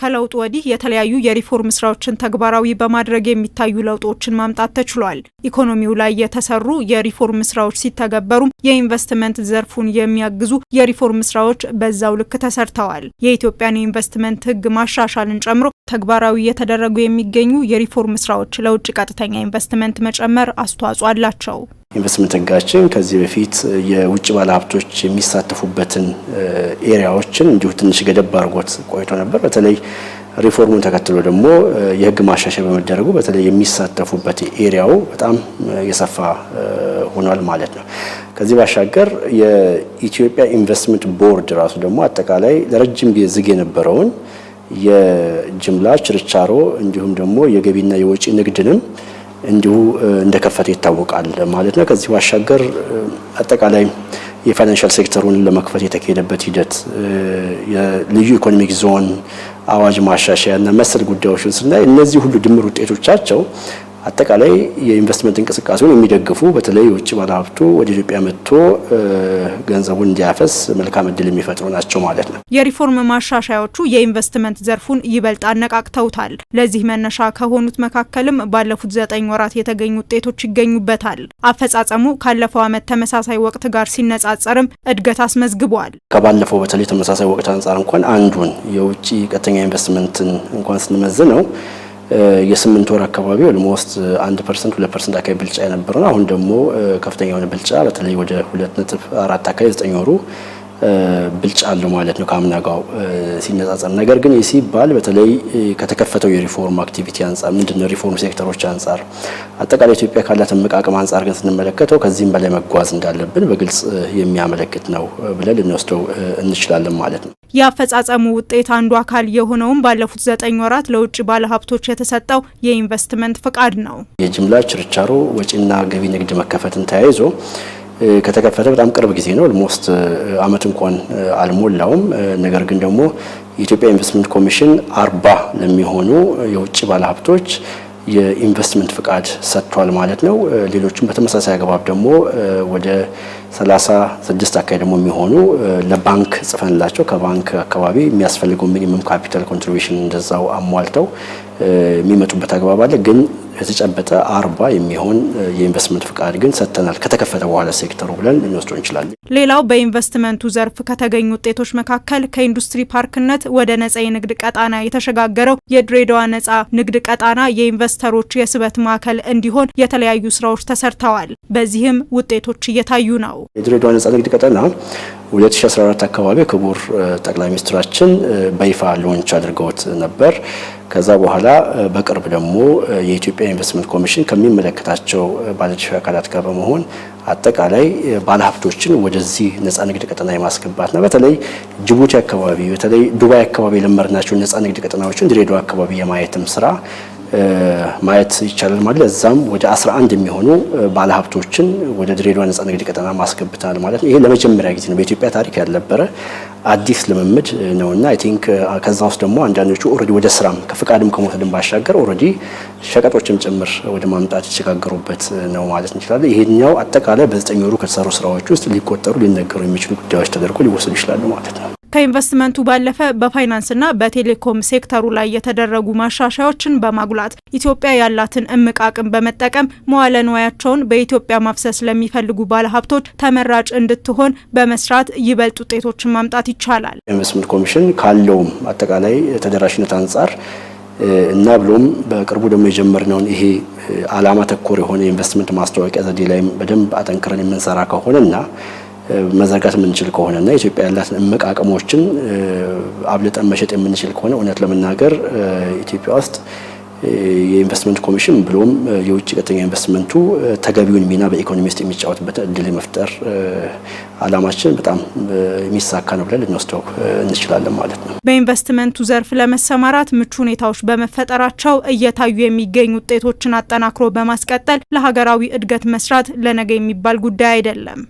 ከለውጥ ወዲህ የተለያዩ የሪፎርም ስራዎችን ተግባራዊ በማድረግ የሚታዩ ለውጦችን ማምጣት ተችሏል። ኢኮኖሚው ላይ የተሰሩ የሪፎርም ስራዎች ሲተገበሩም የኢንቨስትመንት ዘርፉን የሚያግዙ የሪፎርም ስራዎች በዛው ልክ ተሰርተዋል። የኢትዮጵያን የኢንቨስትመንት ሕግ ማሻሻልን ጨምሮ ተግባራዊ እየተደረጉ የሚገኙ የሪፎርም ስራዎች ለውጭ ቀጥተኛ ኢንቨስትመንት መጨመር አስተዋጽኦ አላቸው። ኢንቨስትመንት ህጋችን ከዚህ በፊት የውጭ ባለሀብቶች የሚሳተፉበትን ኤሪያዎችን እንዲሁ ትንሽ ገደብ አድርጎት ቆይቶ ነበር። በተለይ ሪፎርሙን ተከትሎ ደግሞ የህግ ማሻሻያ በመደረጉ በተለይ የሚሳተፉበት ኤሪያው በጣም የሰፋ ሆኗል ማለት ነው። ከዚህ ባሻገር የኢትዮጵያ ኢንቨስትመንት ቦርድ ራሱ ደግሞ አጠቃላይ ለረጅም ጊዜ ዝግ የነበረውን የጅምላ ችርቻሮ እንዲሁም ደግሞ የገቢና የወጪ ንግድንም እንዲሁ እንደከፈተ ይታወቃል ማለት ነው። ከዚህ ባሻገር አጠቃላይ የፋይናንሻል ሴክተሩን ለመክፈት የተካሄደበት ሂደት የልዩ ኢኮኖሚክ ዞን አዋጅ ማሻሻያና መሰል ጉዳዮችን ስናይ እነዚህ ሁሉ ድምር ውጤቶቻቸው አጠቃላይ የኢንቨስትመንት እንቅስቃሴውን የሚደግፉ በተለይ የውጭ ባለሀብቱ ወደ ኢትዮጵያ መጥቶ ገንዘቡን እንዲያፈስ መልካም እድል የሚፈጥሩ ናቸው ማለት ነው። የሪፎርም ማሻሻያዎቹ የኢንቨስትመንት ዘርፉን ይበልጥ አነቃቅተውታል። ለዚህ መነሻ ከሆኑት መካከልም ባለፉት ዘጠኝ ወራት የተገኙ ውጤቶች ይገኙበታል። አፈጻጸሙ ካለፈው ዓመት ተመሳሳይ ወቅት ጋር ሲነጻጸርም እድገት አስመዝግቧል። ከባለፈው በተለይ ተመሳሳይ ወቅት አንጻር እንኳን አንዱን የውጭ ቀጥተኛ ኢንቨስትመንትን እንኳን ስንመዝ ነው የስምንት ወር አካባቢ ኦልሞስት አንድ ፐርሰንት ሁለት ፐርሰንት አካባቢ ብልጫ የነበረው አሁን ደግሞ ከፍተኛ የሆነ ብልጫ በተለይ ወደ ሁለት ነጥብ አራት አካባቢ ዘጠኝ ወሩ ብልጫ አለው ማለት ነው ከአምና ጋር ሲነጻጸር። ነገር ግን ሲባል በተለይ ከተከፈተው የሪፎርም አክቲቪቲ አንጻር ምንድነው ሪፎርም ሴክተሮች አንጻር አጠቃላይ ኢትዮጵያ ካላት እምቅ አቅም አንጻር ግን ስንመለከተው ከዚህም በላይ መጓዝ እንዳለብን በግልጽ የሚያመለክት ነው ብለን ልንወስደው እንችላለን ማለት ነው። የአፈጻጸሙ ውጤት አንዱ አካል የሆነውም ባለፉት ዘጠኝ ወራት ለውጭ ባለሀብቶች የተሰጠው የኢንቨስትመንት ፍቃድ ነው። የጅምላ ችርቻሮ ወጪና ገቢ ንግድ መከፈትን ተያይዞ ከተከፈተ በጣም ቅርብ ጊዜ ነው። ኦልሞስት አመት እንኳን አልሞላውም። ነገር ግን ደግሞ የኢትዮጵያ ኢንቨስትመንት ኮሚሽን አርባ ለሚሆኑ የውጭ ባለሀብቶች የኢንቨስትመንት ፍቃድ ሰጥቷል ማለት ነው። ሌሎችም በተመሳሳይ አግባብ ደግሞ ወደ 36 አካባቢ ደግሞ የሚሆኑ ለባንክ ጽፈንላቸው ከባንክ አካባቢ የሚያስፈልገው ሚኒመም ካፒታል ኮንትሪቢሽን እንደዛው አሟልተው የሚመጡበት አግባብ አለ ግን የተጨበጠ አርባ የሚሆን የኢንቨስትመንት ፍቃድ ግን ሰጥተናል። ከተከፈተ በኋላ ሴክተሩ ብለን ልንወስዶ እንችላለን። ሌላው በኢንቨስትመንቱ ዘርፍ ከተገኙ ውጤቶች መካከል ከኢንዱስትሪ ፓርክነት ወደ ነጻ የንግድ ቀጣና የተሸጋገረው የድሬዳዋ ነጻ ንግድ ቀጣና የኢንቨስተሮች የስበት ማዕከል እንዲሆን የተለያዩ ስራዎች ተሰርተዋል። በዚህም ውጤቶች እየታዩ ነው። የድሬዳዋ ነጻ ንግድ ቀጠና 2014 አካባቢ ክቡር ጠቅላይ ሚኒስትራችን በይፋ ሎንች አድርገውት ነበር። ከዛ በኋላ በቅርብ ደግሞ የኢትዮጵያ ኢንቨስትመንት ኮሚሽን ከሚመለከታቸው ባለድርሻ አካላት ጋር በመሆን አጠቃላይ ባለሀብቶችን ወደዚህ ነፃ ንግድ ቀጠና ና በተለይ ጅቡቲ አካባቢ በተለይ ዱባይ አካባቢ የለመድናቸውን ነፃ ንግድ ቀጠናዎችን ድሬዳዋ አካባቢ የማየትም ስራ ማየት ይቻላል ማለት እዛም ወደ 11 የሚሆኑ ባለሀብቶችን ወደ ድሬዳዋ ነጻ ንግድ ቀጠና ማስገብታል ማለት ነው። ይሄ ለመጀመሪያ ጊዜ ነው፣ በኢትዮጵያ ታሪክ ያልነበረ አዲስ ልምምድ ነውና አይ ቲንክ ከዛ ውስጥ ደግሞ አንዳንዶቹ ኦልሬዲ ወደ ስራም ከፍቃድም ከመውሰድም ባሻገር ኦልሬዲ ሸቀጦችም ጭምር ወደ ማምጣት የተሸጋገሩበት ነው ማለት እንችላለን። ይሄኛው አጠቃላይ በዘጠኝ ወሩ ከተሰሩ ስራዎች ውስጥ ሊቆጠሩ ሊነገሩ የሚችሉ ጉዳዮች ተደርጎ ሊወሰዱ ይችላሉ ማለት ነው። ከኢንቨስትመንቱ ባለፈ በፋይናንስና በቴሌኮም ሴክተሩ ላይ የተደረጉ ማሻሻያዎችን በማጉላት ኢትዮጵያ ያላትን እምቅ አቅም በመጠቀም መዋለ ንዋያቸውን በኢትዮጵያ ማፍሰስ ለሚፈልጉ ባለሀብቶች ተመራጭ እንድትሆን በመስራት ይበልጥ ውጤቶችን ማምጣት ይቻላል። ኢንቨስትመንት ኮሚሽን ካለውም አጠቃላይ ተደራሽነት አንጻር እና ብሎም በቅርቡ ደግሞ የጀመርነውን ይሄ አላማ ተኮር የሆነ ኢንቨስትመንት ማስታወቂያ ዘዴ ላይም በደንብ አጠንክረን የምንሰራ ከሆነና መዘርጋት የምንችል ከሆነ እና ኢትዮጵያ ያላትን እምቅ አቅሞችን አብልጠን መሸጥ የምንችል ከሆነ እውነት ለመናገር ኢትዮጵያ ውስጥ የኢንቨስትመንት ኮሚሽን ብሎም የውጭ ቀጥተኛ ኢንቨስትመንቱ ተገቢውን ሚና በኢኮኖሚ ውስጥ የሚጫወትበት እድል የመፍጠር አላማችን በጣም የሚሳካ ነው ብለን ልንወስደው እንችላለን ማለት ነው። በኢንቨስትመንቱ ዘርፍ ለመሰማራት ምቹ ሁኔታዎች በመፈጠራቸው እየታዩ የሚገኙ ውጤቶችን አጠናክሮ በማስቀጠል ለሀገራዊ እድገት መስራት ለነገ የሚባል ጉዳይ አይደለም።